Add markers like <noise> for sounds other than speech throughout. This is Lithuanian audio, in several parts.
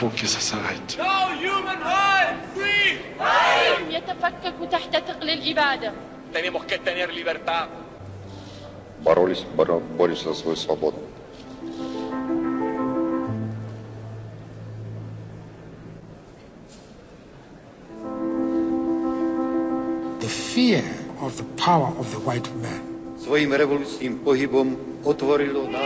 فوق ساعد يتفكك تحت ثقل الإبادة Tenemos que tener libertad. Боролись, боро, борюсь за свою свободу. The fear of the power of the white man. Своим революционным погибом отворило нам.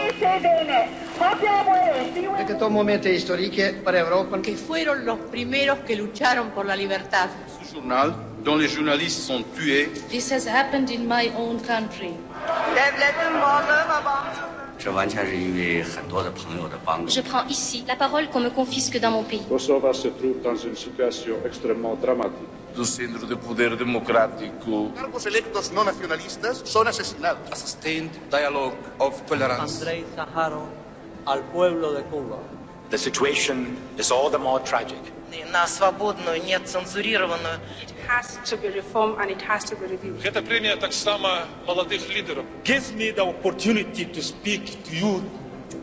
De que tomó mente historique para Europa. Que fueron los primeros que lucharon por la libertad. Ce journal, dont les journalistes sont tués. This has happened in my own country. 这完全是因为很多的朋友的帮助。Je prends ici la parole qu'on me confisque dans mon pays. Kosovo se trouve dans une situation extrêmement dramatique. Do centro de poder democrático. Cargos electos no nacionalistas son asesinados. A sustained dialogue of tolerance. Andrei Saharov al pueblo de Cuba. The situation is all the more tragic. На свободную, нецензурированную. It has to be reformed and it has to be reviewed. Эта премия так само молодых лидеров. Gives me the opportunity to speak to you.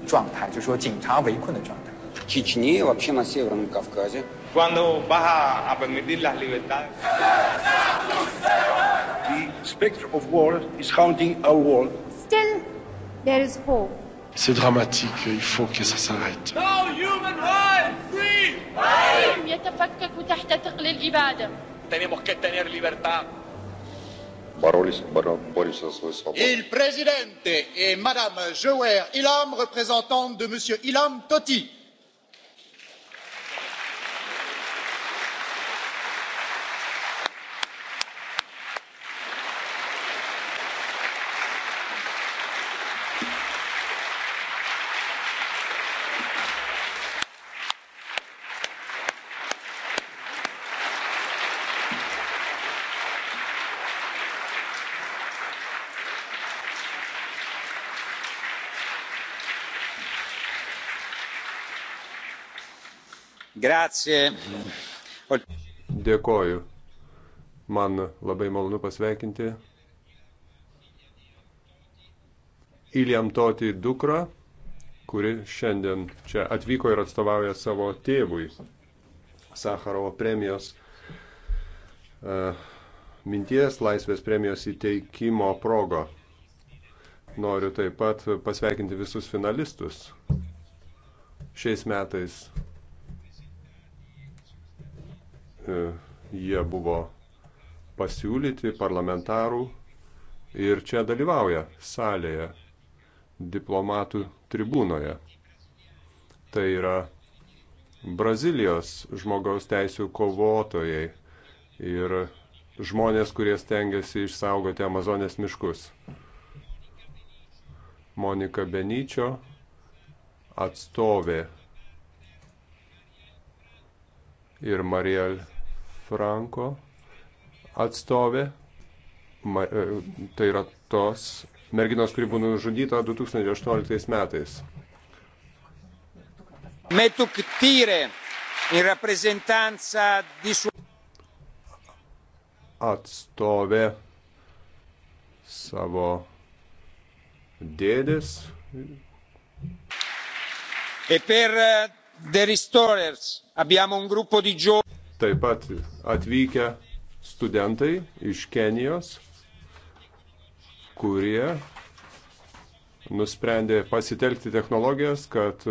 状态就是说警察围困的状态。в Чечне, вообще на Северном Кавказе. Cuando vas a permitir las libertades. The specter of war is haunting our world. Still, there is hope. C'est dramatique, il faut que ça s'arrête. العالم يتفكك تحت ثقل الإبادة Tenemos que tener libertad. Et le président et madame Jower Ilham, représentante de monsieur Ilham Tohti. Grazie. Dėkoju. Man labai malonu pasveikinti Iliam Toti dukrą, kuri šiandien čia atvyko ir atstovauja savo tėvui Sakarovo premijos uh, minties laisvės premijos įteikimo progo. Noriu taip pat pasveikinti visus finalistus šiais metais E, jie buvo pasiūlyti parlamentarų ir čia dalyvauja salėje, diplomatų tribūnoje. Tai yra Brazilijos žmogaus teisų kovotojai ir žmonės, kurie stengiasi išsaugoti Amazonės miškus. Monika Benyčio atstovė ir Mariel Franko atstovė, e, tai yra tos merginos, kuri buvo nužudyta 2018 metais. Metuk Tyre, in rappresentanza di suo atstovė savo dėdės. E per eh, The Restorers abbiamo un gruppo di giovani. Taip pat atvykę studentai iš Kenijos, kurie nusprendė pasitelkti technologijas, kad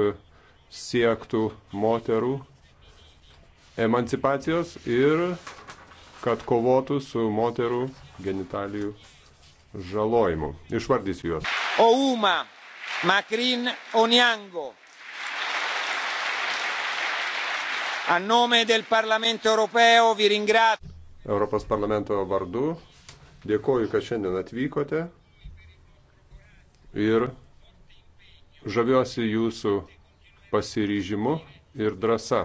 siektų moterų emancipacijos ir kad kovotų su moterų genitalijų žalojimu. Išvardysiu juos. Ouma, Makrin Onyango, A nome del Parlamento europeo vi ringrazio. Europos parlamento vardu dėkoju, kad šiandien atvykote ir žaviuosi jūsų pasiryžimu ir drąsa.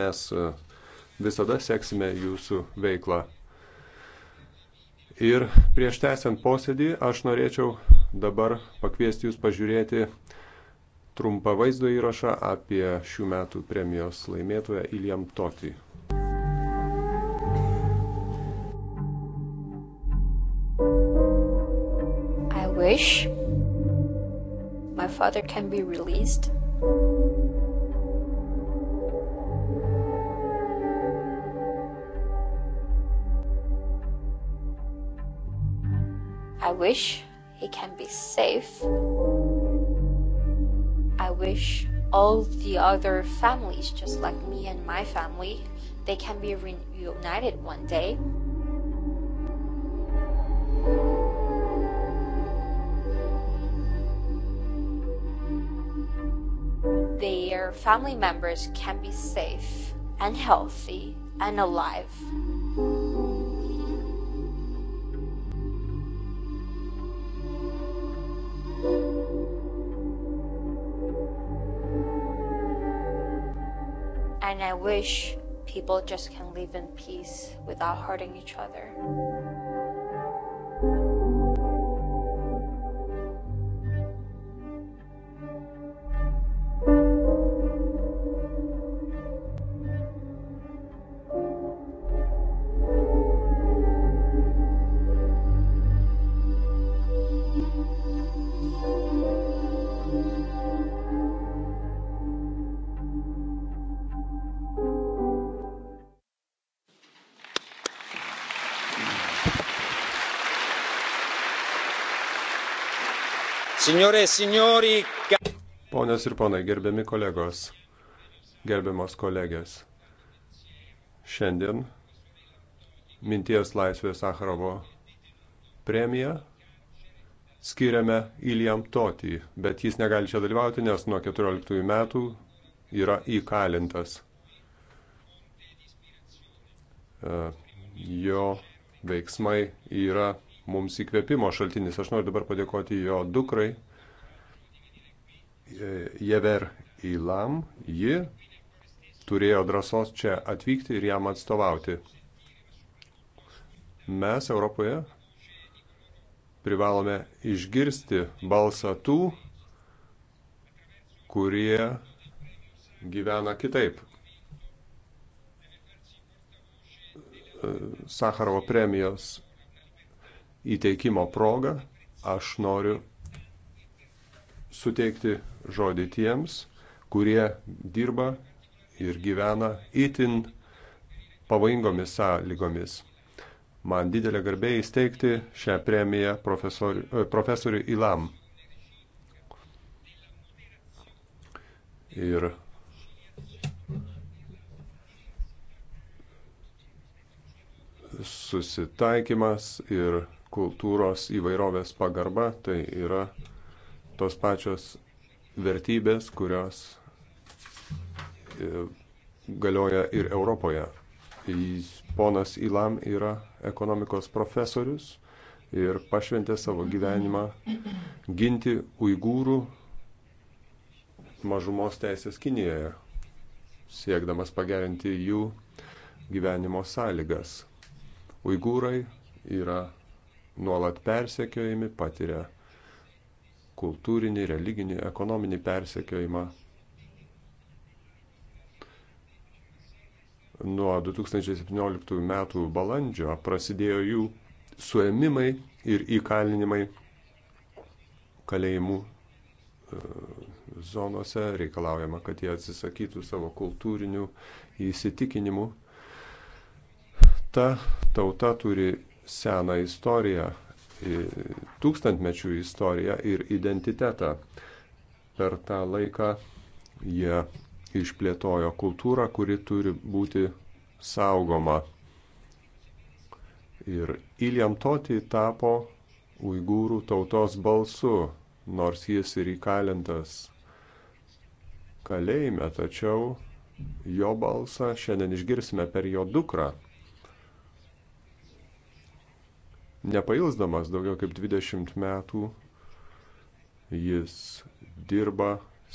Mes e, visada seksime jūsų veiklą. Ir prieš tęsiant posėdį aš norėčiau dabar pakviesti jūs pažiūrėti trumpą vaizdo įrašą apie šių metų premijos laimėtoją Iljam Toti. I wish my father can be released. I wish he can be safe wish all the other families, just like me and my family, they can be reunited one day. Their family members can be safe and healthy and alive. And I wish people just can live in peace without hurting each other. Signore, signori. Ponios ir ponai, gerbiami kolegos, gerbiamos kolegės. Šiandien Minties laisvės Sakarovo premiją skiriame Iljam Toti, bet jis negali čia dalyvauti, nes nuo 14 metų yra įkalintas. E, jo veiksmai yra mums įkvėpimo šaltinis. Aš noriu dabar padėkoti jo dukrai e, Jever Ilam. Ji turėjo drąsos čia atvykti ir jam atstovauti. Mes Europoje privalome išgirsti balsą tų, kurie gyvena kitaip. E, Sakarovo premijos įteikimo progą aš noriu suteikti žodį tiems, kurie dirba ir gyvena itin pavojingomis sąlygomis. Man didelė garbė įsteigti šią premiją e, profesoriui Ilam. Ir susitaikymas ir kultūros įvairovės pagarba, tai yra tos pačios vertybės, kurios e, galioja ir Europoje. Ponas Ilam yra ekonomikos profesorius ir pašventė savo gyvenimą ginti uigūrų mažumos teisės Kinijoje, siekdamas pagerinti jų gyvenimo sąlygas. Uigūrai yra nuolat persekiojami, patiria kultūrinį, religinį, ekonominį persekiojimą. Nuo 2017 metų balandžio prasidėjo jų suėmimai ir įkalinimai kalėjimų e, zonose, reikalaujama, kad jie atsisakytų savo kultūrinių įsitikinimų. Ta tauta turi seną istoriją, tūkstantmečių istoriją ir identitetą. Per tą laiką jie išplėtojo kultūrą, kuri turi būti saugoma. Ir Iliam Toti tapo uigūrų tautos balsu, nors jis ir įkalintas kalėjime, tačiau jo balsą šiandien išgirsime per jo dukrą. Nepailsdamas daugiau kaip 20 metų jis dirba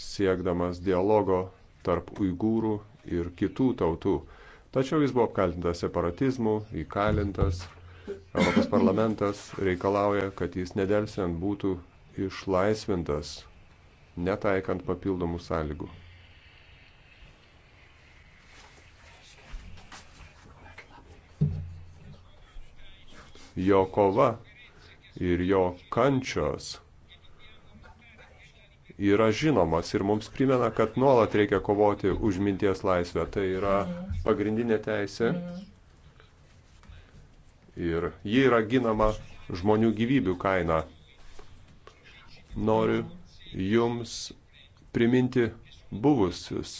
siekdamas dialogo tarp uigūrų ir kitų tautų. Tačiau jis buvo apkaltintas separatizmu, įkalintas. Europos parlamentas reikalauja, kad jis nedelsiant būtų išlaisvintas, netaikant papildomų sąlygų. jo kova ir jo kančios yra žinomas ir mums primena, kad nuolat reikia kovoti už minties laisvę. Tai yra pagrindinė teisė ir ji yra ginama žmonių gyvybių kaina. Noriu jums priminti buvusius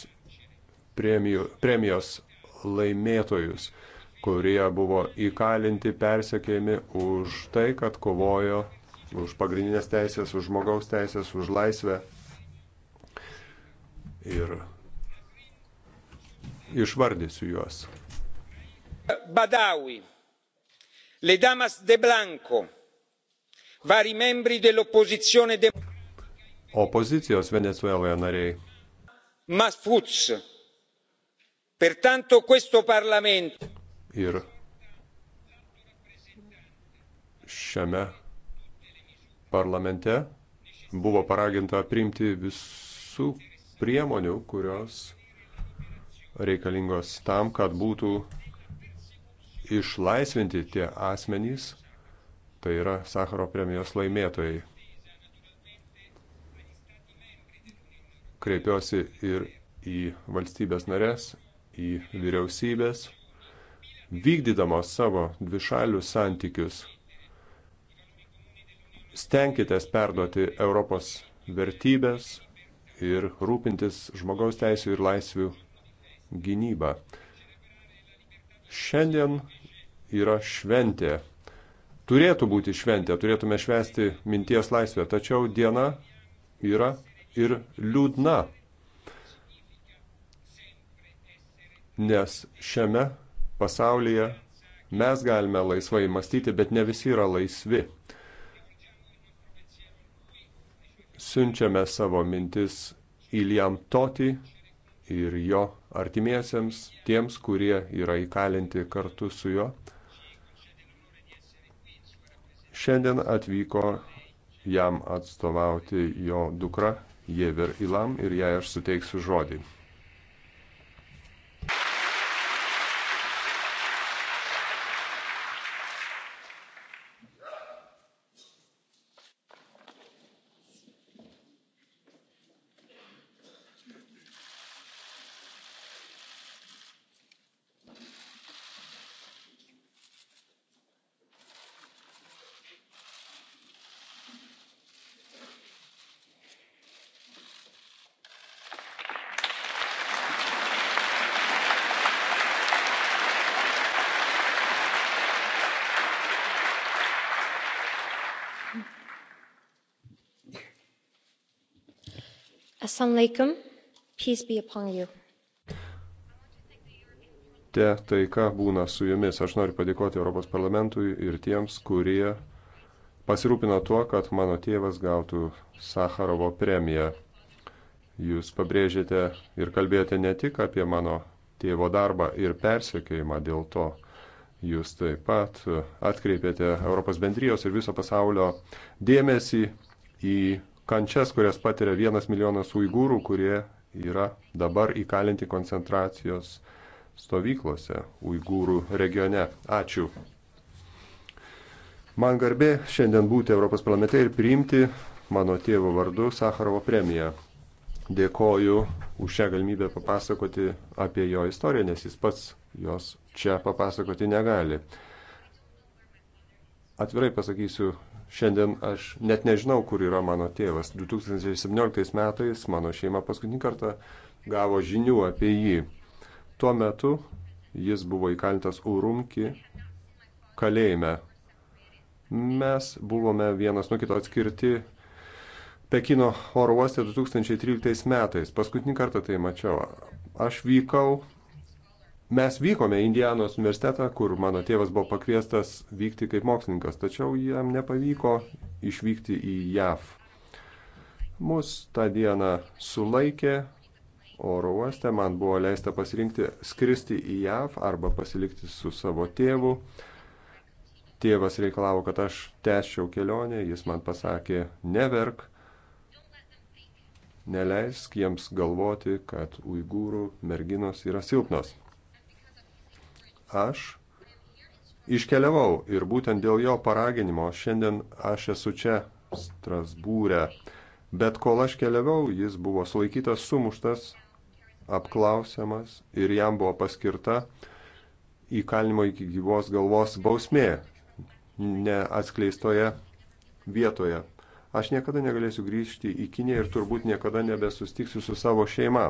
premijų, premijos laimėtojus kurie buvo įkalinti, persekėjami už tai, kad kovojo už pagrindinės teisės, už žmogaus teisės, už laisvę. Ir išvardysiu juos. Badawi, le damas de Blanco, vari membri dell'opposizione de... Opozicijos Venezueloje nariai. Masfuz. Pertanto questo Parlamento Ir šiame parlamente buvo paraginta priimti visų priemonių, kurios reikalingos tam, kad būtų išlaisvinti tie asmenys, tai yra Sakaro premijos laimėtojai. Kreipiuosi ir į valstybės narės, į vyriausybės vykdydamos savo dvišalius santykius, stenkitės perduoti Europos vertybės ir rūpintis žmogaus teisų ir laisvių gynybą. Šiandien yra šventė. Turėtų būti šventė, turėtume švęsti minties laisvę, tačiau diena yra ir liūdna, nes šiame pasaulyje mes galime laisvai mąstyti, bet ne visi yra laisvi. Siunčiame savo mintis Iliam Toti ir jo artimiesiems, tiems, kurie yra įkalinti kartu su juo. Šiandien atvyko jam atstovauti jo dukra Jever Ilam ir jai aš suteiksiu žodį. alaikum, peace be upon you. Te taika būna su jumis. Aš noriu padėkoti Europos parlamentui ir tiems, kurie pasirūpino tuo, kad mano tėvas gautų Sakarovo premiją. Jūs pabrėžėte ir kalbėjote ne tik apie mano tėvo darbą ir persekiojimą dėl to. Jūs taip pat atkreipėte Europos bendrijos ir viso pasaulio dėmesį į kančias, kurias patiria vienas milijonas uigūrų, kurie yra dabar įkalinti koncentracijos stovyklose uigūrų regione. Ačiū. Man garbė šiandien būti Europos parlamente ir priimti mano tėvo vardu Sakarovo premiją. Dėkoju už šią galimybę papasakoti apie jo istoriją, nes jis pats jos čia papasakoti negali. Atvirai pasakysiu, Šiandien aš net nežinau, kur yra mano tėvas. 2017 metais mano šeima paskutinį kartą gavo žinių apie jį. Tuo metu jis buvo įkalintas Urumki kalėjime. Mes buvome vienas nuo kito atskirti Pekino oro uoste 2013 metais. Paskutinį kartą tai mačiau. Aš vykau Mes vykome į Indianos universitetą, kur mano tėvas buvo pakviestas vykti kaip mokslininkas, tačiau jam nepavyko išvykti į JAV. Mus tą dieną sulaikė oro uoste, man buvo leista pasirinkti skristi į JAV arba pasilikti su savo tėvu. Tėvas reikalavo, kad aš tęsčiau kelionę, jis man pasakė, neverk, neleisk jiems galvoti, kad uigūrų merginos yra silpnos aš iškeliavau ir būtent dėl jo paraginimo šiandien aš esu čia Strasbūrė. Bet kol aš keliavau, jis buvo sulaikytas, sumuštas, apklausiamas ir jam buvo paskirta įkalinimo iki gyvos galvos bausmė neatskleistoje vietoje. Aš niekada negalėsiu grįžti į Kiniją ir turbūt niekada nebesustiksiu su savo šeima.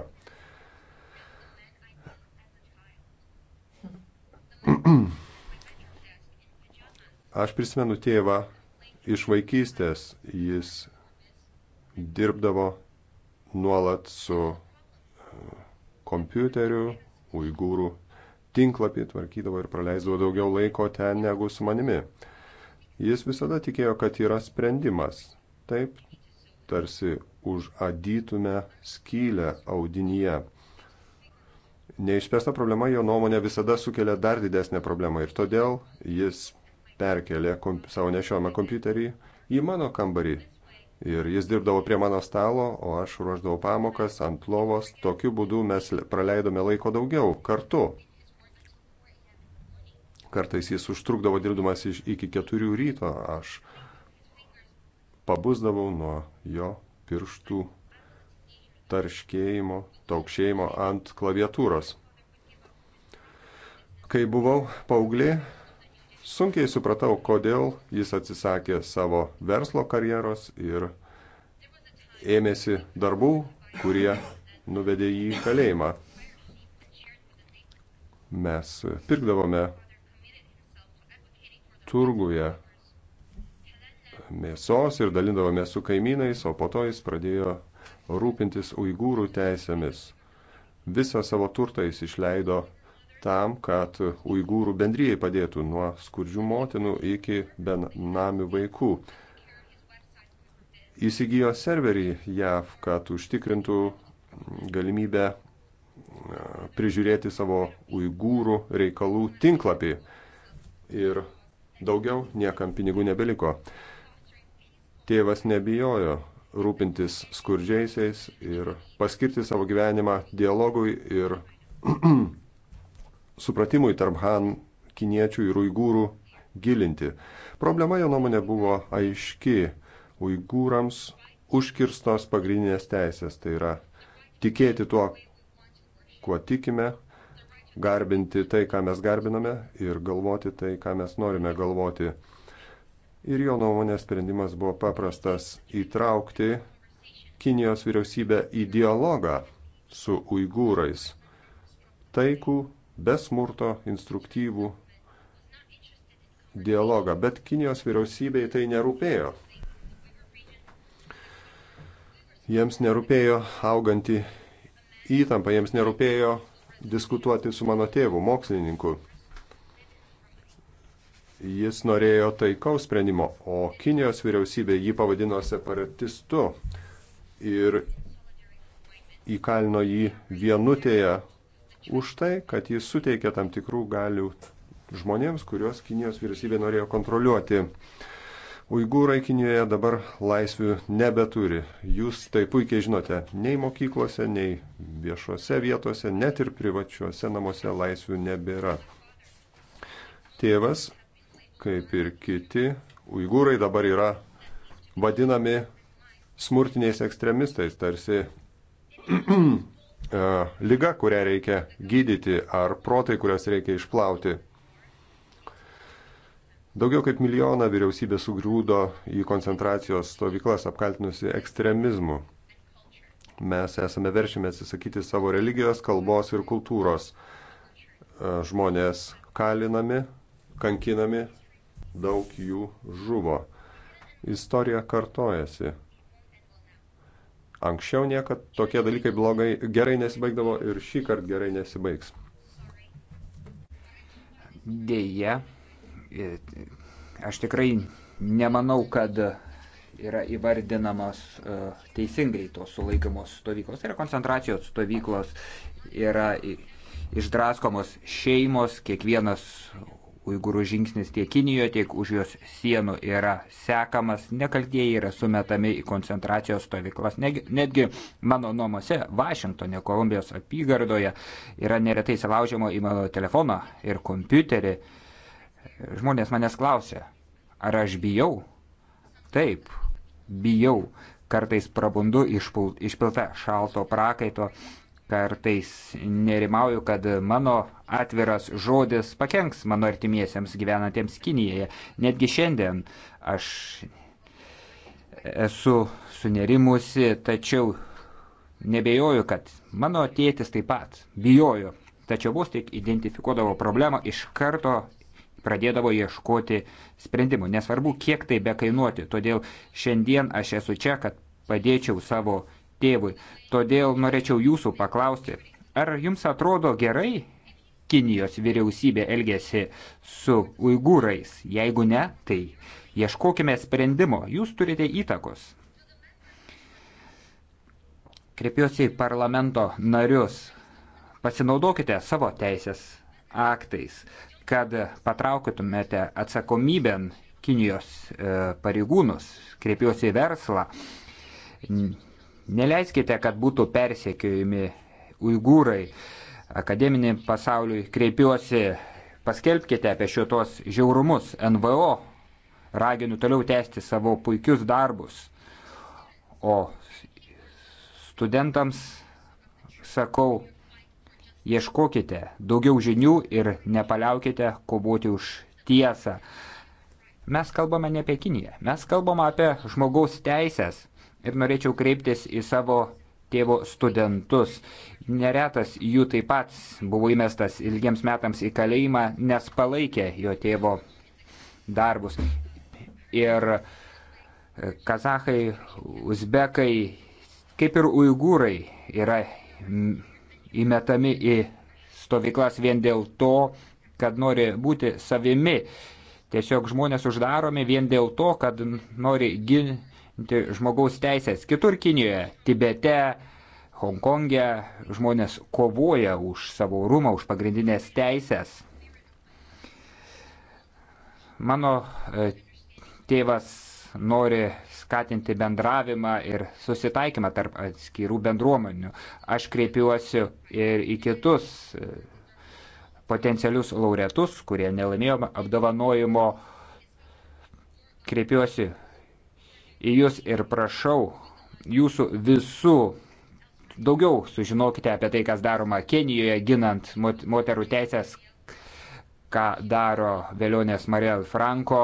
Aš prisimenu tėvą iš vaikystės. Jis dirbdavo nuolat su e, kompiuteriu, uigūrų tinklapį tvarkydavo ir praleisdavo daugiau laiko ten negu su manimi. Jis visada tikėjo, kad yra sprendimas. Taip, tarsi užadytume skylę audinyje. Neišspręsta problema jo nuomonė visada sukelia dar didesnę problemą ir todėl jis perkelė komp savo nešiojamą kompiuterį į mano kambarį. Ir jis dirbdavo prie mano stalo, o aš ruoždavau pamokas ant lovos. Tokiu būdu mes praleidome laiko daugiau kartu. Kartais jis užtrukdavo dirbdamas iki keturių ryto. Aš pabusdavau nuo jo pirštų tarškėjimo, taukšėjimo ant klaviatūros. Kai buvau paauglė, sunkiai supratau, kodėl jis atsisakė savo verslo karjeros ir ėmėsi darbų, kurie nuvedė jį į kalėjimą. Mes pirkdavome turguje mėsos ir dalindavome su kaimynais, o po to jis pradėjo rūpintis uigūrų teisėmis. Visą savo turtą jis išleido tam, kad uigūrų bendryjai padėtų nuo skurdžių motinų iki benamių vaikų. Įsigijo serverį JAV, kad užtikrintų galimybę e, prižiūrėti savo uigūrų reikalų tinklapį. Ir daugiau niekam pinigų nebeliko. Tėvas nebijojo rūpintis skurdžiaisiais ir paskirti savo gyvenimą dialogui ir <clears throat> supratimui tarp Han, kiniečių ir uigūrų gilinti. Problema jo nuomonė buvo aiški. Uigūrams užkirstos pagrindinės teisės, tai yra tikėti tuo, kuo tikime, garbinti tai, ką mes garbiname ir galvoti tai, ką mes norime galvoti ir jo nuomonės sprendimas buvo paprastas - įtraukti Kinijos vyriausybę į dialogą su uigūrais. Taikų, besmurto, instruktyvų dialogą, bet Kinijos vyriausybei tai nerūpėjo. Jiems nerūpėjo auganti įtampa, jiems nerūpėjo diskutuoti su mano tėvu, mokslininku. Jis norėjo taikaus sprendimo, o Kinijos vyriausybė jį pavadino separatistu ir įkalino jį vienutėje už tai, kad jis suteikė tam tikrų galių žmonėms, kuriuos Kinijos vyriausybė norėjo kontroliuoti. Uigūrai Kinijoje dabar laisvių nebeturi. Jūs tai puikiai žinote, nei mokyklose, nei viešose vietose, net ir privačiuose namuose laisvių nebėra. Tėvas kaip ir kiti, uigūrai dabar yra vadinami smurtiniais ekstremistais, tarsi lyga, <clears throat> e, kurią reikia gydyti, ar protai, kurias reikia išplauti. Daugiau kaip milijoną vyriausybė sugrūdo į koncentracijos stovyklas apkaltinusi ekstremizmu. Mes esame veršimi atsisakyti savo religijos, kalbos ir kultūros. E, žmonės kalinami, kankinami, daug jų žuvo. Istorija kartojasi. Anksčiau niekad tokie dalykai blogai, gerai nesibaigdavo ir šį kartą gerai nesibaigs. Deja, e, aš tikrai nemanau, kad yra įvardinamas e, teisingai tos sulaikymos stovyklos. Tai yra koncentracijos stovyklos, yra išdraskomos šeimos, kiekvienas Uigūrų žingsnis tiek Kinijoje, tiek už jos sienų yra sekamas, nekaltieji yra sumetami į koncentracijos stovyklas. Netgi mano namuose, Vašingtonė, Kolumbijos apygardoje, yra neretai salaužiamo į mano telefoną ir kompiuterį. Žmonės manęs klausia, ar aš bijau? Taip, bijau. Kartais prabundu išpilta šalto prakaito Kartais nerimauju, kad mano atviras žodis pakenks mano artimiesiems gyvenantiems Kinijoje. Netgi šiandien aš esu sunerimusi, tačiau nebejoju, kad mano tėtis taip pat bijojo. Tačiau vos tik identifikuodavo problemą, iš karto pradėdavo ieškoti sprendimų. Nesvarbu, kiek tai bekainuoti. Todėl šiandien aš esu čia, kad padėčiau savo tėvui. Todėl norėčiau jūsų paklausti, ar jums atrodo gerai Kinijos vyriausybė elgėsi su uigūrais? Jeigu ne, tai ieškokime sprendimo, jūs turite įtakos. Kreipiuosi į parlamento narius, pasinaudokite savo teisės aktais, kad patraukytumėte atsakomybėn Kinijos e, pareigūnus, kreipiuosi į verslą, Neleiskite, kad būtų persekiojami uigūrai. Akademinį pasauliui kreipiuosi, paskelbkite apie šitos žiaurumus. NVO raginu toliau tęsti savo puikius darbus. O studentams sakau, ieškokite daugiau žinių ir nepaliaukite kovoti už tiesą. Mes kalbame ne apie Kiniją, mes kalbame apie žmogaus teisės ir norėčiau kreiptis į savo tėvo studentus. Neretas jų taip pat buvo įmestas ilgiems metams į kalėjimą, nes palaikė jo tėvo darbus. Ir e, kazahai, uzbekai, kaip ir uigūrai yra įmetami į stovyklas vien dėl to, kad nori būti savimi. Tiesiog žmonės uždaromi vien dėl to, kad nori ginti žmogaus teisės. Kitur Kinijoje, Tibete, Hongkonge žmonės kovoja už savo rūmą, už pagrindinės teisės. Mano e, tėvas nori skatinti bendravimą ir susitaikymą tarp atskirų bendruomenių. Aš kreipiuosi ir į kitus e, potencialius laureatus, kurie nelaimėjo apdovanojimo. Kreipiuosi į Jūs ir prašau Jūsų visų daugiau sužinokite apie tai, kas daroma Kenijoje ginant moterų teisės, ką daro vėlionės Mariel Franko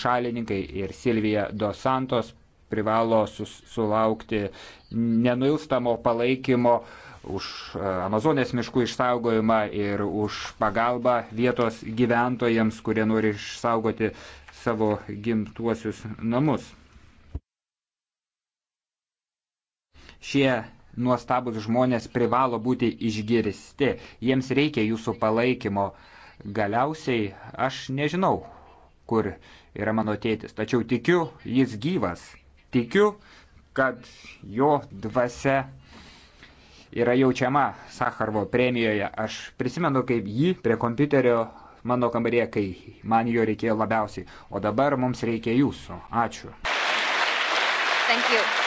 šalininkai ir Silvija Dos Santos privalo sus, sulaukti nenuilstamo palaikymo už e, Amazonės miškų išsaugojimą ir už pagalbą vietos gyventojams, kurie nori išsaugoti savo gimtuosius namus. Šie nuostabus žmonės privalo būti išgirsti, jiems reikia jūsų palaikymo. Galiausiai aš nežinau, kur yra mano tėtis, tačiau tikiu, jis gyvas, tikiu, kad jo dvasia yra jaučiama Sakarvo premijoje. Aš prisimenu, kaip jį prie kompiuterio mano kambarė, kai man jo reikėjo labiausiai. O dabar mums reikia jūsų. Ačiū. Thank you.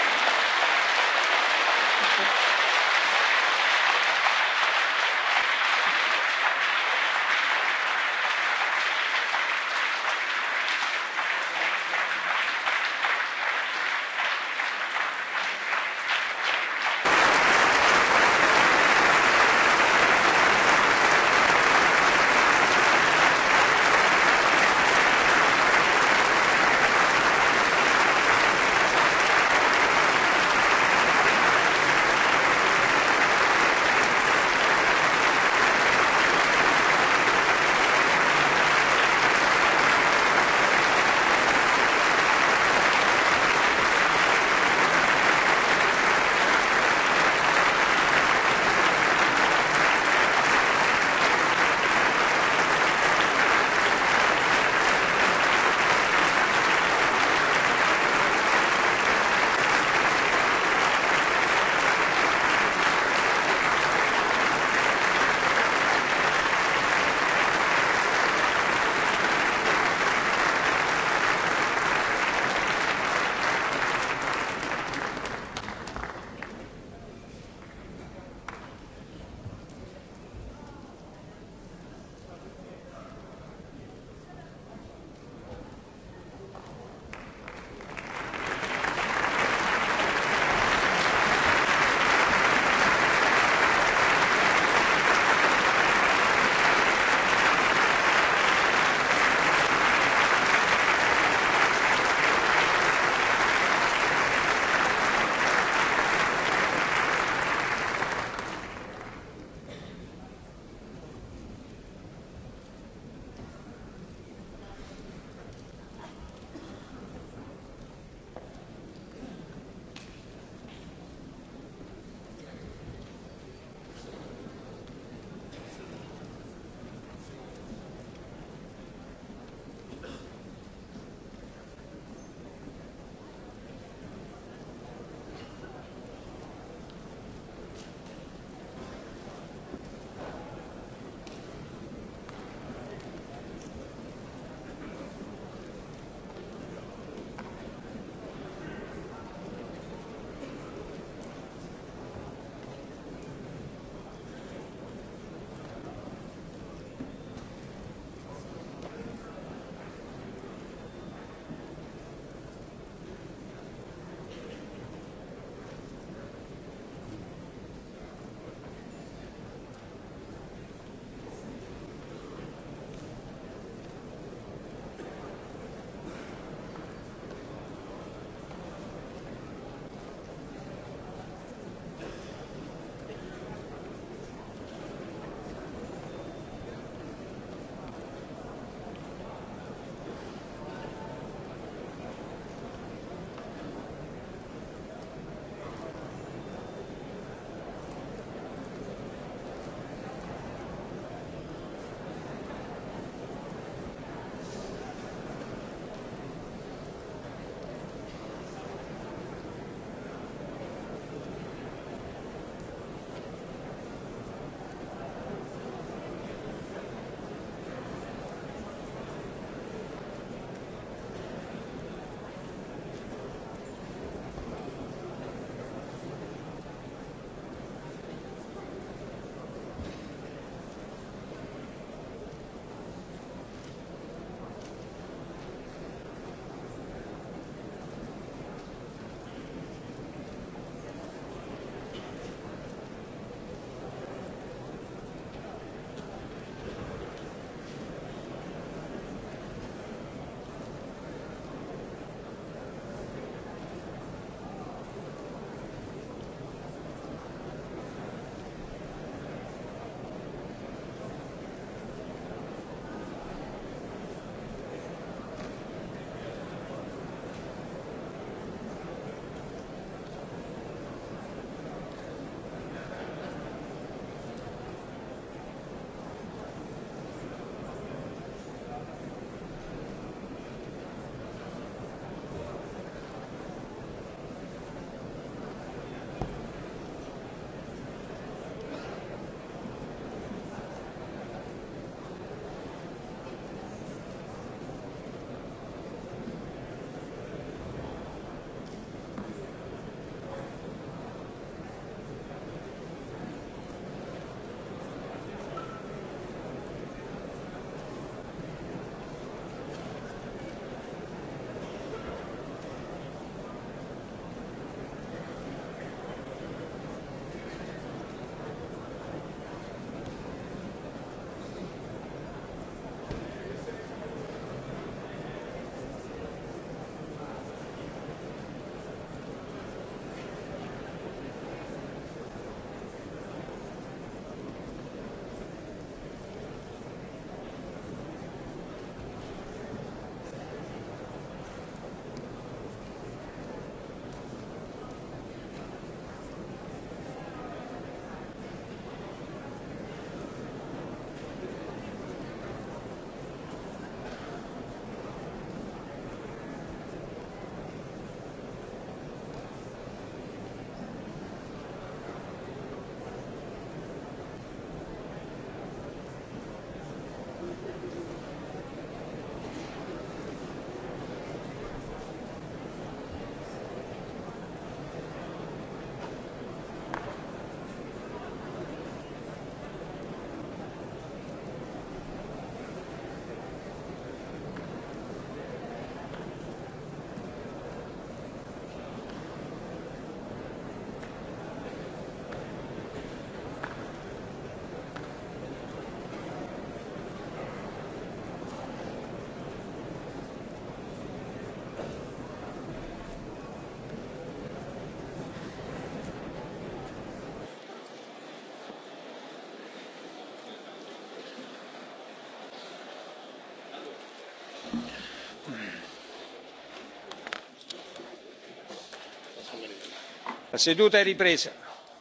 la seduta è ripresa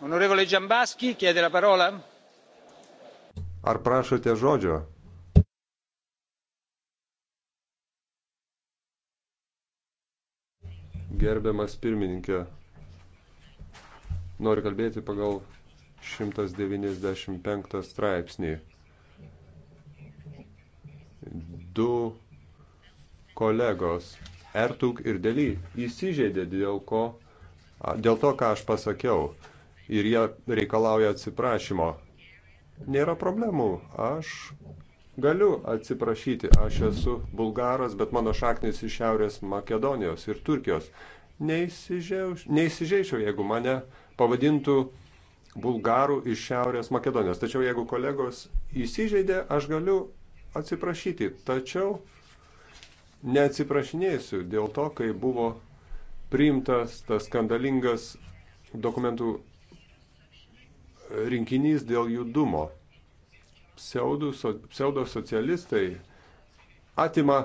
onorevole dzhambazki chiede la parola ar prašote žodžio gerbiamas pirmininke noriu kalbėti pagal 195 straipsnį du kolegos Ertug ir Dely įsižeidė dėl ko dėl to, ką aš pasakiau. Ir jie reikalauja atsiprašymo. Nėra problemų. Aš galiu atsiprašyti. Aš esu bulgaras, bet mano šaknis iš Šiaurės Makedonijos ir Turkijos. Neįsižeičiau, jeigu mane pavadintų bulgarų iš Šiaurės Makedonijos. Tačiau jeigu kolegos įsižeidė, aš galiu atsiprašyti. Tačiau neatsiprašinėsiu dėl to, kai buvo priimtas tas skandalingas dokumentų rinkinys dėl judumo. Pseudo socialistai atima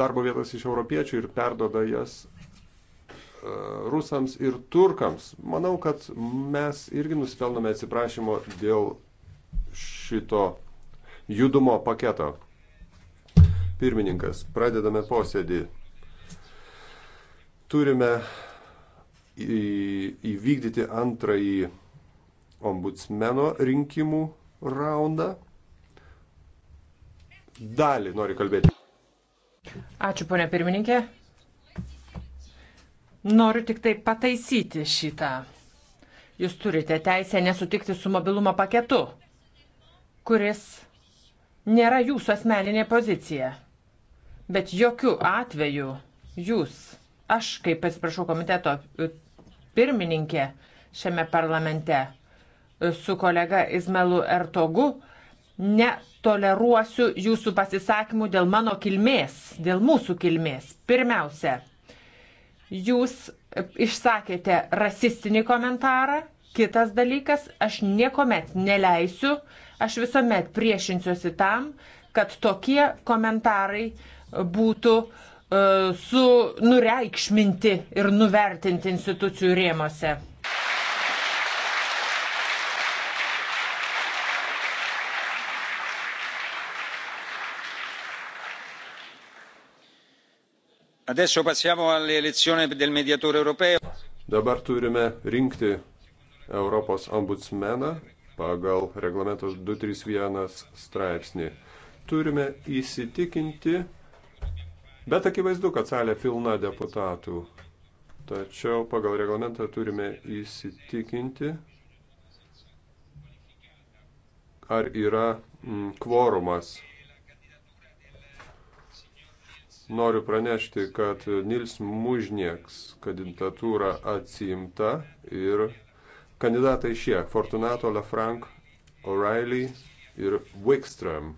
darbo vietas iš europiečių ir perdoda jas e, rusams ir turkams. Manau, kad mes irgi nusipelnome atsiprašymo dėl šito judumo paketo. Pirmininkas, pradedame posėdį. Turime įvykdyti antrąjį ombudsmeno rinkimų raundą. Dalį nori kalbėti. Ačiū, ponė pirmininkė. Noriu tik tai pataisyti šitą. Jūs turite teisę nesutikti su mobilumo paketu, kuris nėra jūsų asmeninė pozicija. Bet jokių atvejų jūs aš, kaip atsiprašau, komiteto pirmininkė šiame parlamente su kolega Izmelu Ertogu netoleruosiu jūsų pasisakymų dėl mano kilmės, dėl mūsų kilmės. Pirmiausia, jūs išsakėte rasistinį komentarą, kitas dalykas, aš niekuomet neleisiu, aš visuomet priešinsiuosi tam, kad tokie komentarai būtų uh, E, su nureikšminti ir nuvertinti institucijų rėmose. Adesso passiamo all'elezione del mediatore europeo. Dabar turime rinkti Europos ombudsmeną pagal reglamento 231 straipsnį. Turime įsitikinti, Bet akivaizdu, kad salė pilna deputatų. Tačiau pagal reglamentą turime įsitikinti, ar yra mm, kvorumas. Noriu pranešti, kad Nils Mužnieks kandidatūra atsiimta ir kandidatai šie - Fortunato Lafranc, O'Reilly ir Wickstrom.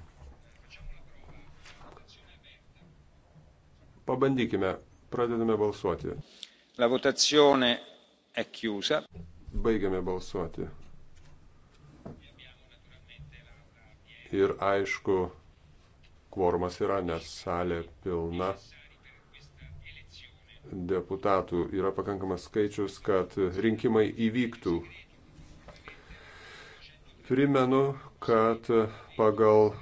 Pabandykime. Pradedame balsuoti. La votazione è chiusa. Baigiame balsuoti. Ir aišku, kvormas yra, nes salė pilna deputatų. Yra pakankamas skaičius, kad rinkimai įvyktų. Primenu, kad pagal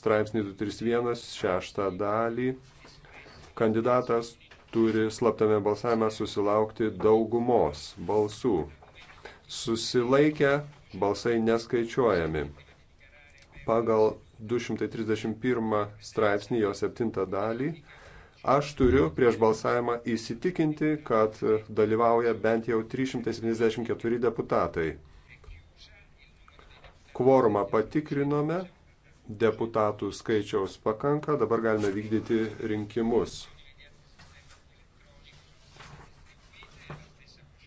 straipsnį 231 šeštą dalį kandidatas turi slaptame balsavime susilaukti daugumos balsų. Susilaikę balsai neskaičiuojami. Pagal 231 straipsnį jo 7 dalį aš turiu prieš balsavimą įsitikinti, kad dalyvauja bent jau 374 deputatai. Kvorumą patikrinome deputatų skaičiaus pakanka, dabar galime vykdyti rinkimus.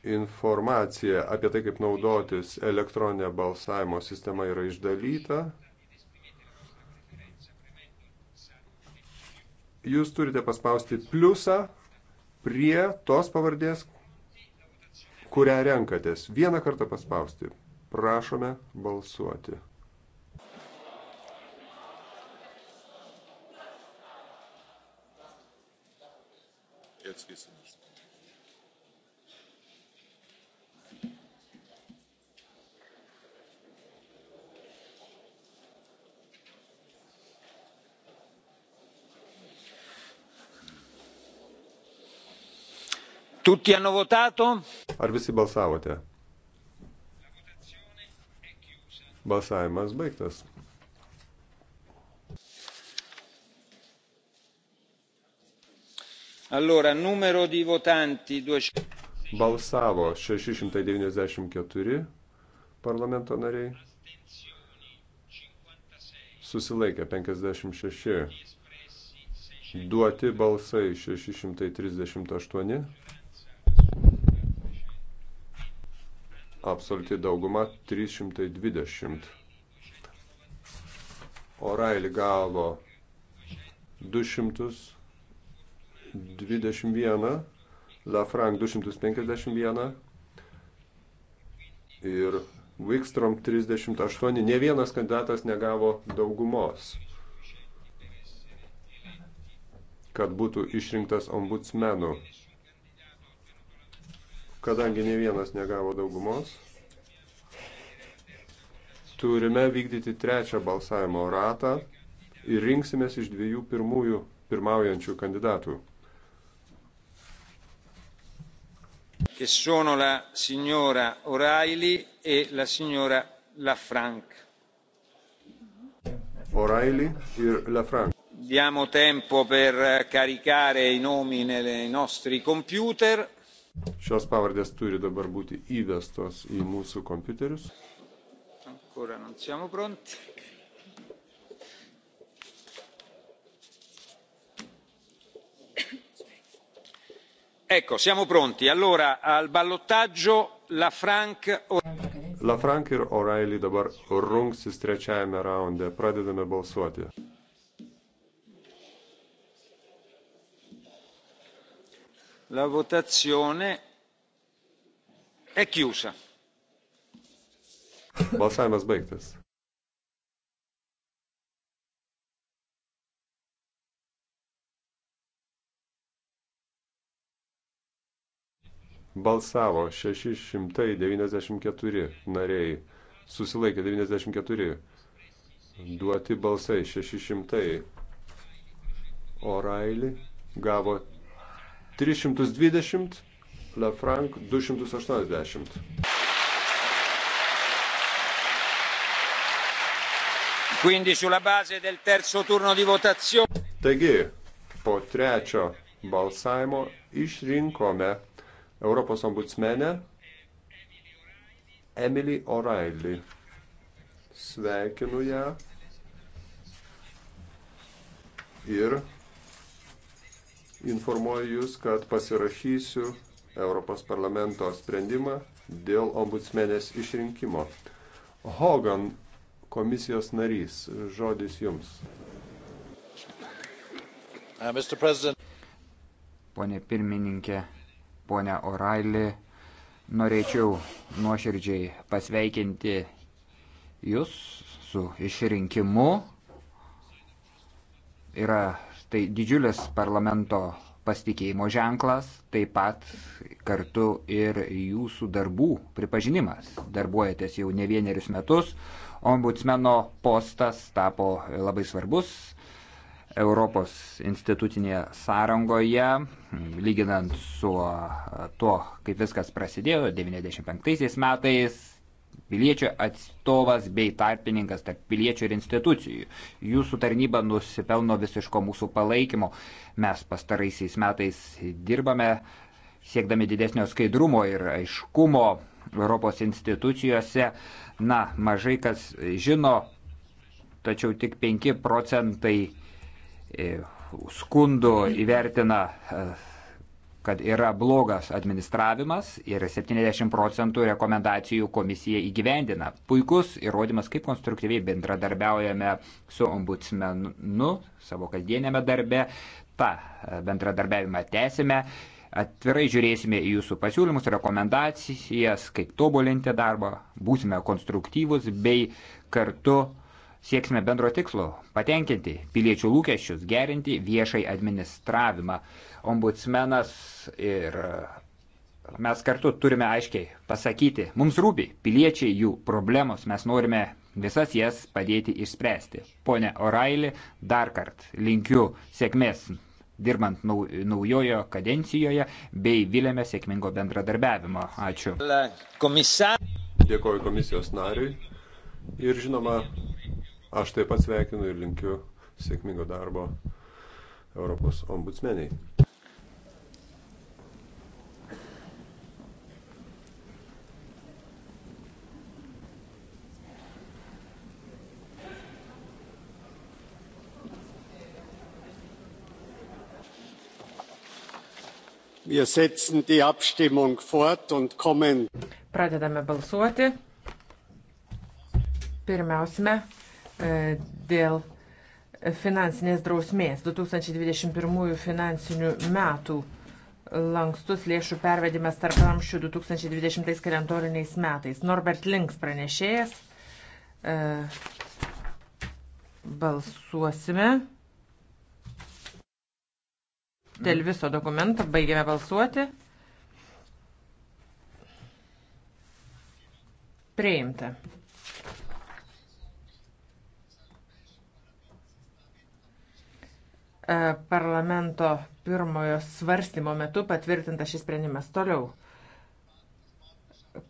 Informacija apie tai, kaip naudotis elektroninė balsavimo sistema yra išdalyta. Jūs turite paspausti pliusą prie tos pavardės, kurią renkatės. Vieną kartą paspausti. Prašome balsuoti. Tutti hanno votato? Ar visi balsavote? Balsavimas baigtas. Allora, numero di votanti 200. Balsavo 694 parlamento nariai. Susilaikė 56. Duoti balsai 638. absoliuti dauguma 320. Orail gavo 221, Lafranc 251 ir Wikstrom 38. Ne vienas kandidatas negavo daugumos, kad būtų išrinktas ombudsmenų kadangi ne vienas negavo daugumos, turime vykdyti trečią balsavimo ratą ir rinksimės iš dviejų pirmųjų pirmaujančių kandidatų. che sono la signora O'Reilly e la signora Lafranc. O'Reilly e Lafranc. Diamo tempo per caricare i nomi nei nostri computer. Šios pavardės turi dabar būti įvestos į mūsų kompiuterius. Ancora non siamo pronti. Ecco, siamo pronti. Allora, al ballottaggio la Frank. La Frank ir O'Reilly dabar rungsis trečiajame raunde. Pradedame balsuoti. la votazione è chiusa balsavimas baigtas balsavo 694 nariai, susilaikė 94, duoti balsai 600, Oraili gavo 320, Lefranc 280. Quindi sulla base del terzo turno di votazione. Taigi, po trečio balsavimo išrinkome Europos ombudsmenę Emily O'Reilly. Sveikinu ją ir informuoju Jūs, kad pasirašysiu Europos parlamento sprendimą dėl ombudsmenės išrinkimo. Hogan komisijos narys, žodis Jums. Uh, pone pirmininkė, pone Orailį, norėčiau nuoširdžiai pasveikinti Jūs su išrinkimu. Yra Tai didžiulis parlamento pasitikėjimo ženklas, taip pat kartu ir jūsų darbų pripažinimas. Darbuojatės jau ne vienerius metus, ombudsmeno postas tapo labai svarbus Europos institucinėje sąrangoje, lyginant su tuo, kaip viskas prasidėjo 95 metais, piliečio atstovas bei tarpininkas tarp piliečių ir institucijų. Jūsų tarnyba nusipelno visiško mūsų palaikymo. Mes pastaraisiais metais dirbame siekdami didesnio skaidrumo ir aiškumo Europos institucijose. Na, mažai kas žino, tačiau tik 5 procentai e, skundų įvertina e, kad yra blogas administravimas ir 70 procentų rekomendacijų komisija įgyvendina. Puikus įrodymas, kaip konstruktyviai bendradarbiaujame su ombudsmenu savo kasdienėme darbe. Ta e, bendradarbiavimą tęsime. Atvirai žiūrėsime į jūsų pasiūlymus, rekomendacijas, kaip tobulinti darbą, būsime konstruktyvus bei kartu Sieksime bendro tikslo - patenkinti piliečių lūkesčius, gerinti viešai administravimą. Ombudsmenas ir mes kartu turime aiškiai pasakyti, mums rūpi piliečiai jų problemos, mes norime visas jas padėti išspręsti. Pone Oraili, dar kart linkiu sėkmės dirbant naujojo kadencijoje bei vilėme sėkmingo bendradarbiavimo. Ačiū. Dėkoju komisijos nariui ir žinoma, Aš taip pat sveikinu ir linkiu sėkmingo darbo Europos ombudsmeniai. Wir setzen die Abstimmung fort und kommen. Pradedame balsuoti. Pirmiausia, E, dėl finansinės drausmės 2021 finansinių metų lankstus lėšų pervedimas tarp ramščių 2020 kalendoriniais metais. Norbert Links pranešėjas. E, balsuosime. Dėl viso dokumento baigiame balsuoti. Priimta. E, parlamento pirmojo svarstymo metu patvirtintas šis sprendimas. Toliau.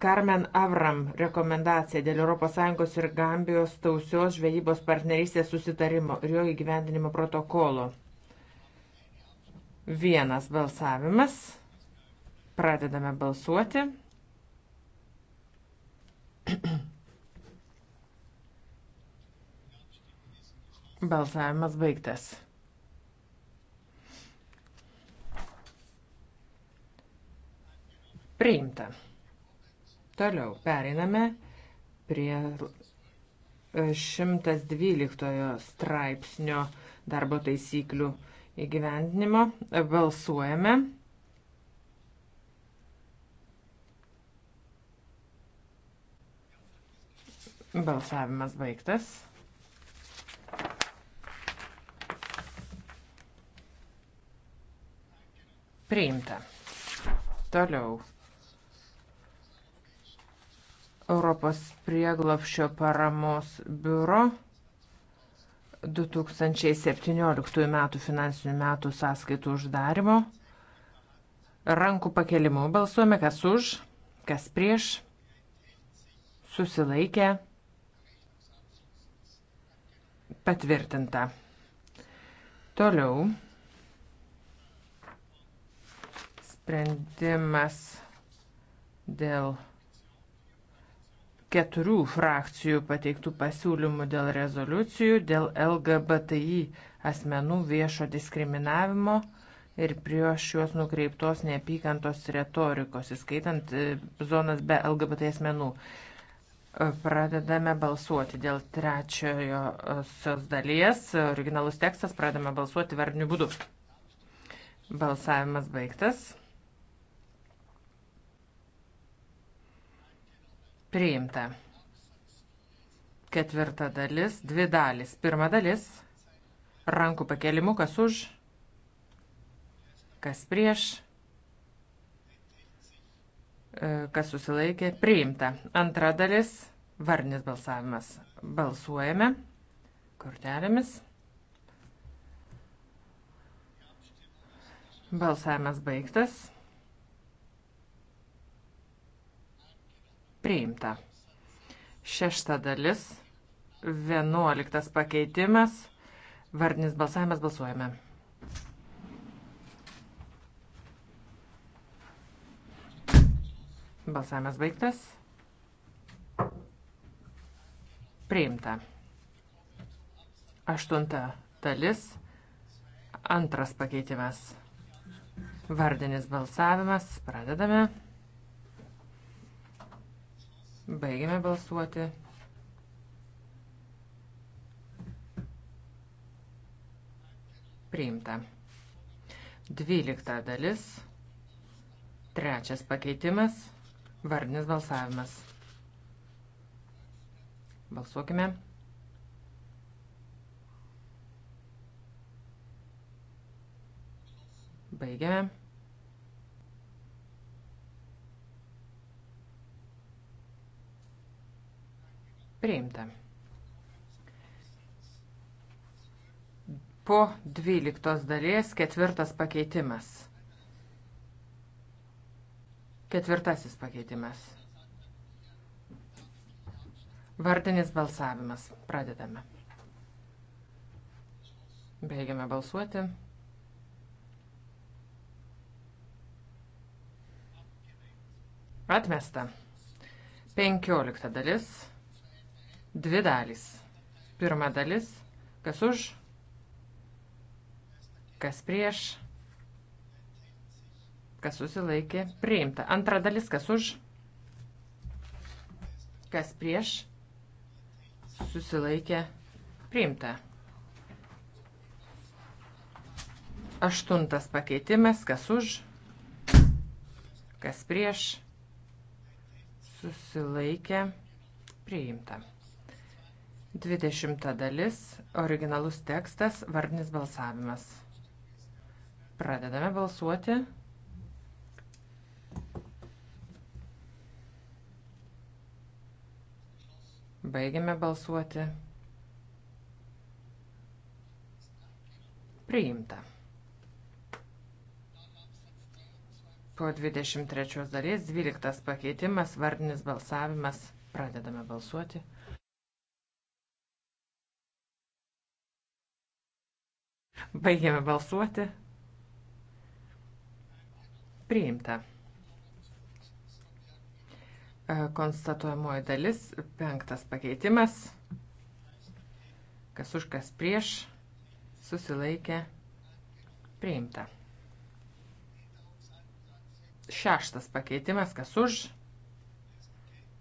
Carmen Avram rekomendacija dėl ES ir Gambijos tausios žvejybos partnerystės susitarimo ir jo įgyvendinimo protokolo. Vienas balsavimas. Pradedame balsuoti. <clears throat> Balsavimas baigtas. Priimta. Toliau pereiname prie 112 e, straipsnio darbo taisyklių įgyvendinimo. Balsuojame. Balsavimas baigtas. Priimta. Toliau. Europos prieglopščio paramos biuro 2017 metų finansinių metų sąskaitų uždarimo. Rankų pakelimu balsuojame, kas už, kas prieš, susilaikė, patvirtinta. Toliau sprendimas dėl keturių frakcijų pateiktų pasiūlymų dėl rezoliucijų, dėl LGBTI asmenų viešo diskriminavimo ir prieš juos nukreiptos neapykantos retorikos, įskaitant e, zonas be LGBT asmenų. E, pradedame balsuoti dėl trečiojo dalies. Originalus tekstas pradedame balsuoti vardiniu būdu. Balsavimas baigtas. Priimta. Ketvirta dalis, dvi dalis. Pirma dalis, rankų pakelimu, kas už, kas prieš, e, kas susilaikė. Priimta. Antra dalis, varnis balsavimas. Balsuojame kortelėmis. Balsavimas baigtas. priimta. Šešta dalis, vienuoliktas pakeitimas, vardinis balsavimas balsuojame. Balsavimas baigtas. Priimta. Aštunta dalis, antras pakeitimas. Vardinis balsavimas, pradedame. Baigiame balsuoti. Priimta. Dvylikta dalis. Trečias pakeitimas. Vardinis balsavimas. Balsuokime. Baigiame. Priimta. Po 12 dalies ketvirtas pakeitimas. Ketvirtasis pakeitimas. Vardinis balsavimas. Pradedame. Baigiame balsuoti. Atmesta. 15 dalis. Dvi dalys. Pirma dalis, kas už, kas prieš, kas susilaikė, priimta. Antra dalis, kas už, kas prieš, susilaikė, priimta. Aštuntas pakeitimas, kas už, kas prieš, susilaikė, priimta. 20 dalis, originalus tekstas, vardinis balsavimas. Pradedame balsuoti. Baigiame balsuoti. Priimta. Po 23 dalies 12 pakeitimas, vardinis balsavimas. Pradedame balsuoti. Baigėme balsuoti. Priimta. E, konstatuojamoji dalis, penktas pakeitimas. Kas už kas prieš, susilaikė. Priimta. Šeštas pakeitimas, kas už,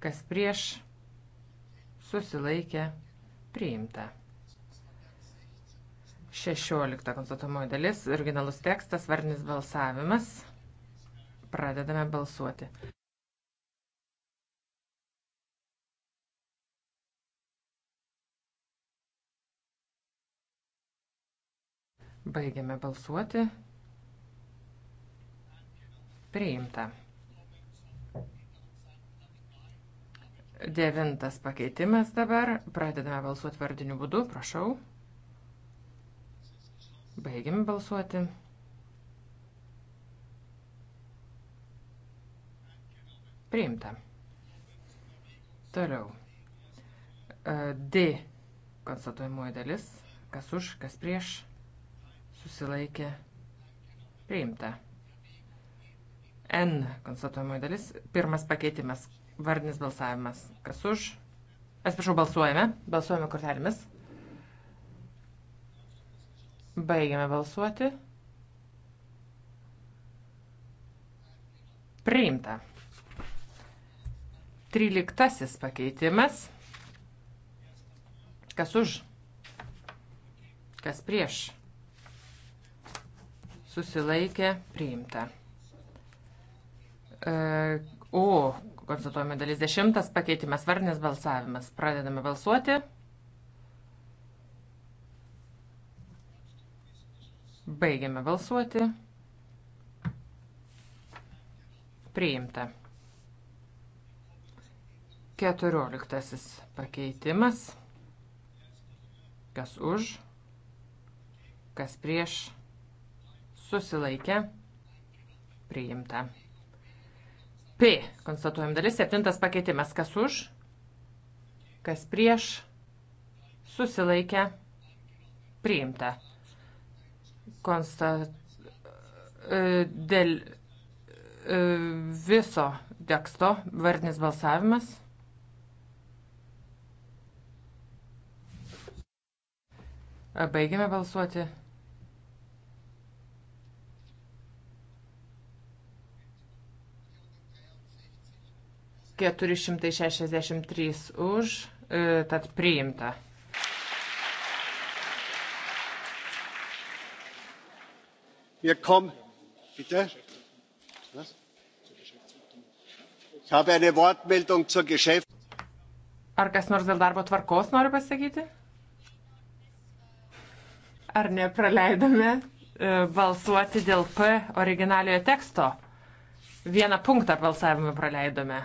kas prieš, susilaikė. Priimta. 16 konstatuojamoji dalis, originalus tekstas, vardinis balsavimas. Pradedame balsuoti. Baigiame balsuoti. Priimta. Devintas pakeitimas dabar. Pradedame balsuoti vardiniu būdu. Prašau. Baigiam balsuoti. Priimta. Toliau. E, D. Konstatuojamoji dalis. Kas už, kas prieš. Susilaikė. Priimta. N. Konstatuojamoji dalis. Pirmas pakeitimas. Vardinis balsavimas. Kas už. Atsiprašau, balsuojame. Balsuojame kortelėmis. Baigiame balsuoti. Priimta. Tryliktasis pakeitimas. Kas už? Kas prieš? Susilaikė priimta. E, o, konstatuojame dalis dešimtas pakeitimas, vardinis balsavimas. Pradedame balsuoti. Baigiame balsuoti. Priimta. Keturioliktasis pakeitimas. Kas už, kas prieš, susilaikė, priimta. P. Konstatuojam dalis. Septintas pakeitimas. Kas už, kas prieš, susilaikė, priimta konstat, e, dėl e, viso teksto vardinis balsavimas. Baigiame balsuoti. Keturi šimtai šešiasdešimt trys už, e, tad priimta. wir kommen. bitte? ich habe eine wortmeldung zur geschäftsordnung. ar kas nors dėl darbo tvarkos nori pasakyti? ar nepraleidome e, balsuoti dėl P originaliojo teksto? Vieną punktą balsavime praleidome.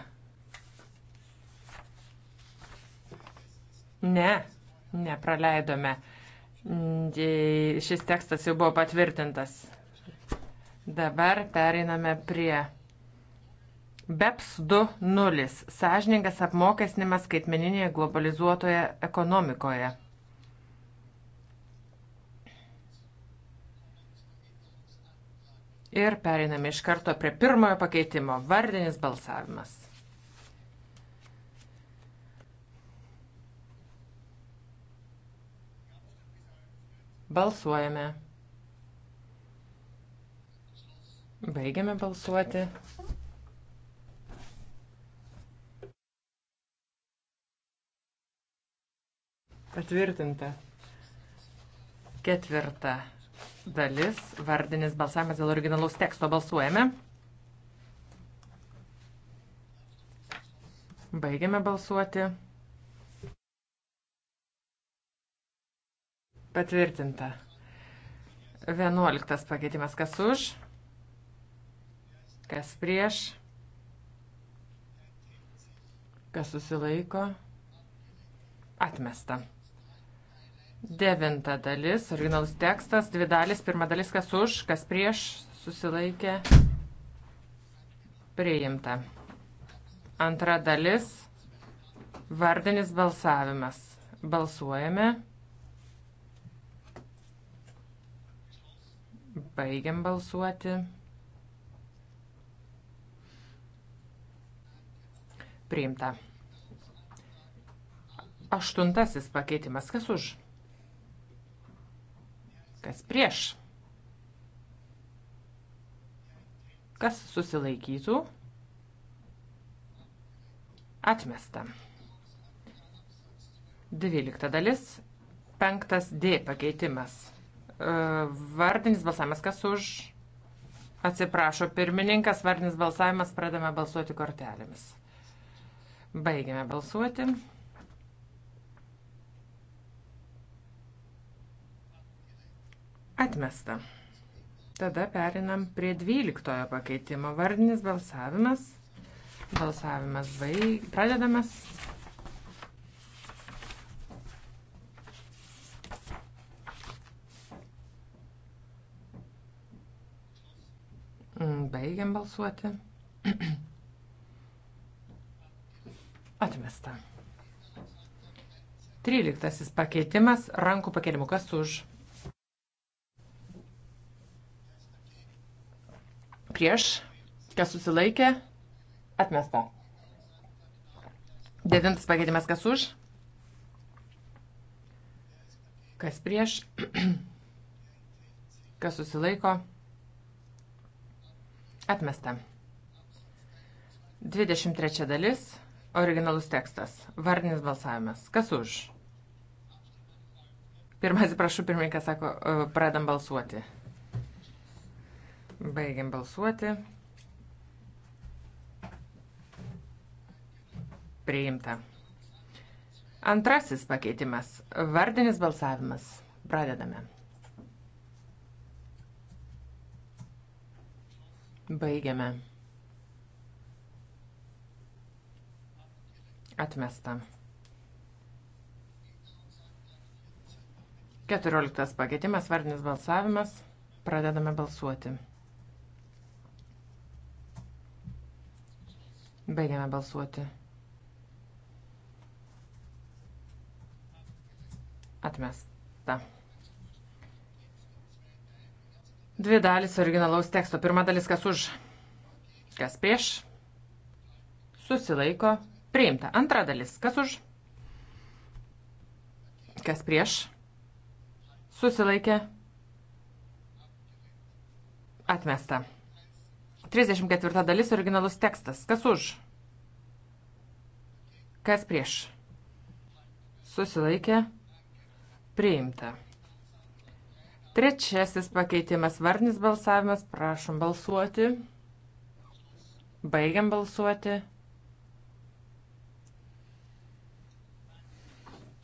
Ne, nepraleidome. Šis tekstas jau buvo patvirtintas. Dabar pereiname prie BEPS 2.0 - sąžiningas apmokestinimas skaitmeninėje globalizuotoje ekonomikoje. Ir pereiname iš karto prie pirmojo pakeitimo - vardinis balsavimas. Balsuojame. Baigiame balsuoti. Patvirtinta. Ketvirta dalis. Vardinis balsavimas dėl originalaus teksto. Balsuojame. Baigiame balsuoti. Patvirtinta. Vienuoliktas pakeitimas. Kas už? Kas prieš? Kas susilaiko? Atmesta. Devinta dalis, originalus tekstas, dvi dalis, pirma dalis, kas už, kas prieš, susilaikė, priimta. Antra dalis, vardinis balsavimas. Balsuojame. Baigiam balsuoti. Priimta. Aštuntasis pakeitimas. Kas už? Kas prieš? Kas susilaikytų? Atmesta. Dvylikta dalis. Penktas D pakeitimas. E, vardinis balsavimas. Kas už? Atsiprašo pirmininkas. Vardinis balsavimas. Pradame balsuoti kortelėmis. Baigiame balsuoti. Atmesta. Tada perinam prie 12 pakeitimo. Vardinis balsavimas. Balsavimas baig... pradedamas. Mm, baigiam balsuoti. <clears throat> Atmesta. Tryliktasis pakeitimas rankų pakelimu. Kas už? Prieš. Kas susilaikė? Atmesta. Devintas pakeitimas. Kas už? Kas prieš? <clears throat> Kas susilaiko? Atmesta. 23 dalis. Originalus tekstas. Vardinis balsavimas. Kas už? Pirmasis, prašau, pirmininkas sako, e, pradam balsuoti. Baigiam balsuoti. Priimta. Antrasis pakeitimas. Vardinis balsavimas. Pradedame. Baigiame. Atmesta. 14 pakeitimas, vardinis balsavimas. Pradedame balsuoti. Baigiame balsuoti. Atmesta. Dvi dalis originalaus teksto. Pirma dalis, kas už, kas prieš, susilaiko, Priimta. Antra dalis. Kas už? Kas prieš? Susilaikė. Atmesta. 34 dalis originalus tekstas. Kas už? Kas prieš? Susilaikė. Priimta. Trečiasis pakeitimas varnis balsavimas. Prašom balsuoti. Baigiam balsuoti.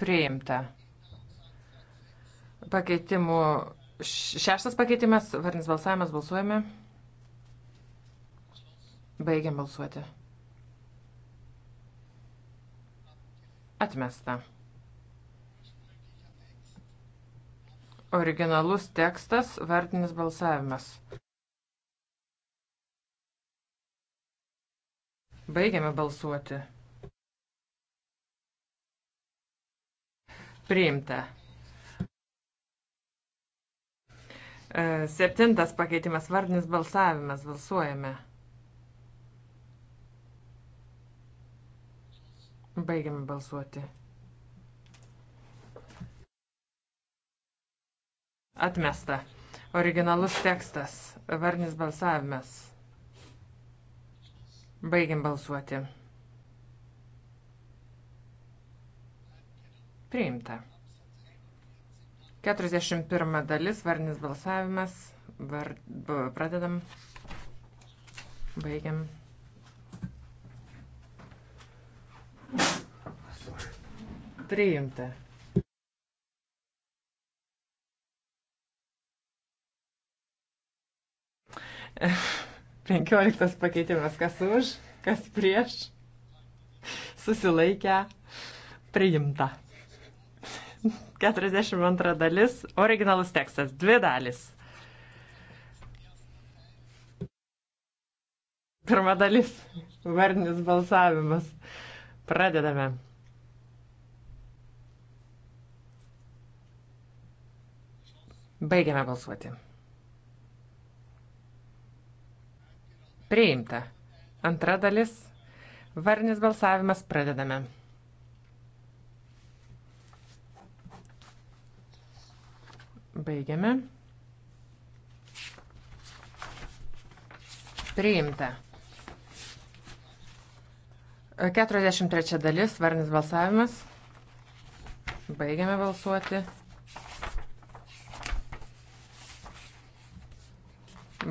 priimta. Pakeitimų. Šeštas pakeitimas, varnis balsavimas, balsuojame. Baigiam balsuoti. Atmesta. Originalus tekstas, vardinis balsavimas. Baigiame balsuoti. Priimta. E, septintas pakeitimas vardinis balsavimas. Balsuojame. Baigiame balsuoti. Atmesta. Originalus tekstas. Varnis balsavimas. Baigiam balsuoti. Priimta. 41 dalis, varnis balsavimas. Var, pradedam. Baigiam. Priimta. <laughs> Penkioliktas pakeitimas, kas už, kas prieš, susilaikę, priimta. 42 dalis, originalus tekstas, dvi dalis. Pirma dalis, varnis balsavimas. Pradedame. Baigiame balsuoti. Priimta. Antra dalis, varnis balsavimas, pradedame. Baigiame. Priimta. 43 dalis, varnis balsavimas. Baigiame balsuoti.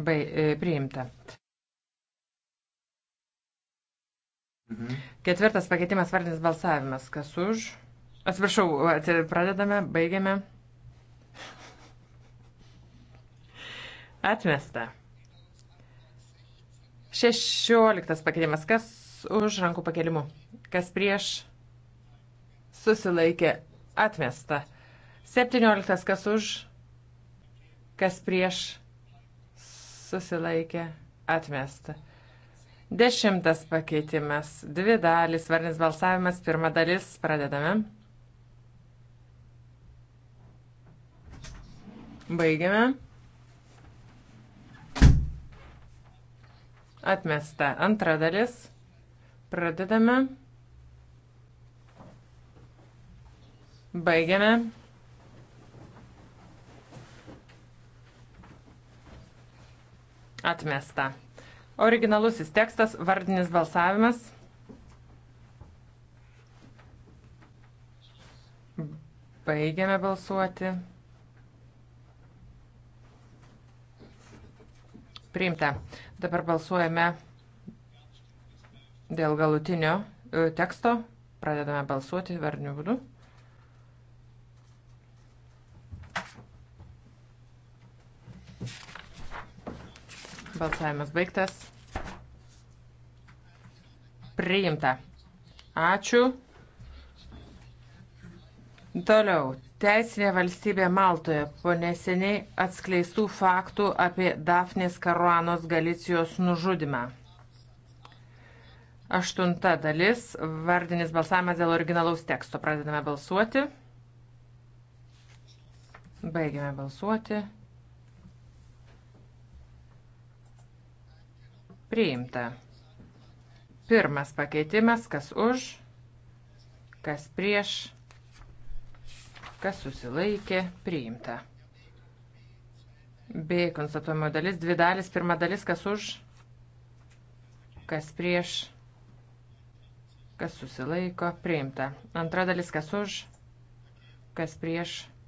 Bai, e, priimta. Mhm. Ketvirtas pakeitimas, varnis balsavimas. Kas už? Atsiprašau, pradedame, baigiame. Atmesta. 16 pakeitimas. Kas už rankų pakelimu? Kas prieš? Susilaikė. Atmesta. 17. Kas už? Kas prieš? Susilaikė. Atmesta. Dešimtas pakeitimas. Dvi dalys. Varnis balsavimas. Pirma dalis. Pradedame. Baigiame. Atmesta. Antra dalis. Pradedame. Baigiame. Atmesta. Originalusis tekstas, vardinis balsavimas. Baigiame balsuoti. Priimta. Dabar balsuojame dėl galutinio e, teksto. Pradedame balsuoti vardiniu būdu. Balsavimas baigtas. Priimta. Ačiū. Toliau. Teisinė valstybė Maltoje po neseniai atskleistų faktų apie Dafnės Karuanos Galicijos nužudimą. Aštunta dalis - vardinis balsavimas dėl originalaus teksto. Pradedame balsuoti. Baigiame balsuoti. Priimta. Pirmas pakeitimas - kas už, kas prieš kas susilaikė, priimta. B konstatuojama dalis, dvi dalis, pirma dalis, kas už, kas prieš, kas susilaiko, priimta. Antra dalis, kas už, kas prieš, priimta